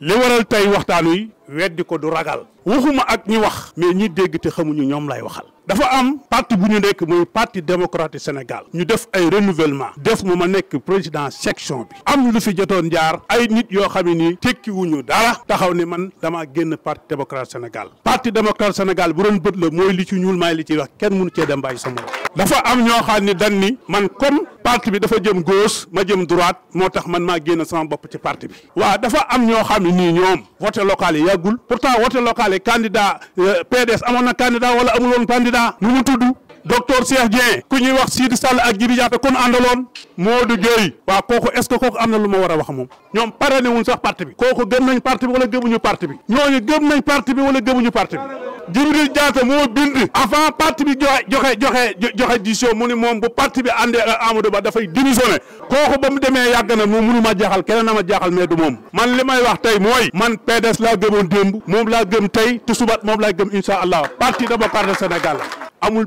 li waral tey waxtaan wi weddi ko du ragal waxuma ak ñi wax mais ñi dégg te xamuñu ñoom lay waxal dafa am parti bu ñu nekk muy parti démocratique Sénégal ñu def ay renouvellement def mu ma nekk président section bi am lu fi jotoon jaar ay nit yoo xam ne nii tekkiwuñu dara taxaw ne man damaa génn parti démocrate Sénégal parti démocrate Sénégal bu doon bët la mooy li ci ñuul maay li ci wax kenn mënu cee dem bàyyi sa morom dafa am ñoo xam ne dañ ni man comme parti bi dafa jëm gauche ma jëm droite moo tax man maa génn sama bopp ci parti bi waaw dafa am ñoo xam ne nii ñoom voté local yi yàggul pourtant voté local yi candidat euh, PDS amoon na candidat wala amul woon candidat nu tudd docteur Cheikh Dieng ku ñuy wax Sidi Sall ak Jibi Jaata kon àndaloon Modou Gueye waaw kooku est-ce que kooku am na lu ma war a wax moom ñoom pare ne wuñ sax parti bi kooku gëm nañ parti bi wala gëmuñu parti bi ñooñu gëm nañ parti bi wala gëmuñu parti bi Jibril moo bind avant parti bi joxe joxe joxe joxe décision mu ni moom bu parti bi àndee Amadou Ba dafay démissionné kooku ba mu demee yàgg na mu munu ma jaaxal keneen na ma jaaxal mais du moom man li may wax tey mooy man PDS laa gëmoon démb moom laa gëm tey te subat moom laa gëm incha allah parti démocratique Sénégal un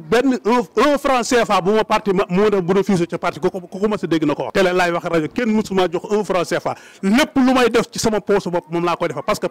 parti parti un parce que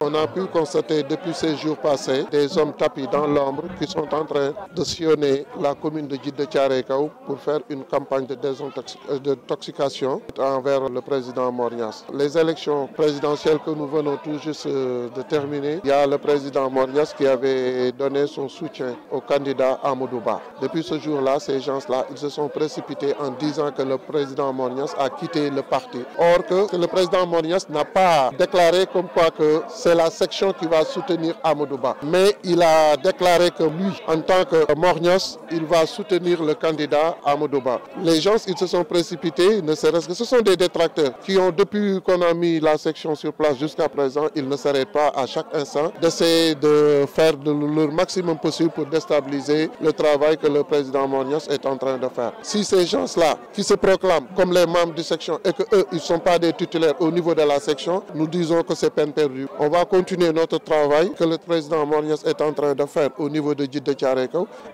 on a pu constater depuis ces jours passés des hommes tapis dans l'ombre qui sont en train de sillonner la commune de Djiddah Thiaré pour faire une campagne de désintoxication euh, envers le président Morias les élections présidentielles que nous venons tout juste euh, de terminer il y a le président Morias qui avait donné son soutien au candidat Amadouba. Depuis ce jour-là, ces gens-là, ils se sont précipités en disant que le président Mornias a quitté le parti. Or que le président Mornias n'a pas déclaré comme quoi que c'est la section qui va soutenir Amadouba. Mais il a déclaré que lui, en tant que Mornias, il va soutenir le candidat Amodoba. Les gens, ils se sont précipités, ne serait-ce que ce sont des détracteurs qui ont, depuis qu'on a mis la section sur place jusqu'à présent, ils ne s'arrêtent pas à chaque instant d'essayer de faire de leur maximum possible pour déstabiliser le travail que le président Mornios est en train de faire. Si ces gens-là, qui se proclament comme les membres du section et qu'eux, ils ne sont pas des titulaires au niveau de la section, nous disons que c'est peine perdue. On va continuer notre travail que le président Mornios est en train de faire au niveau de Djid de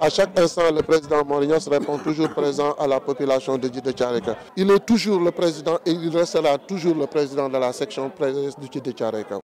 À chaque instant, le président Mornios répond toujours présent à la population de Djid de Il est toujours le président et il restera toujours le président de la section du Djid de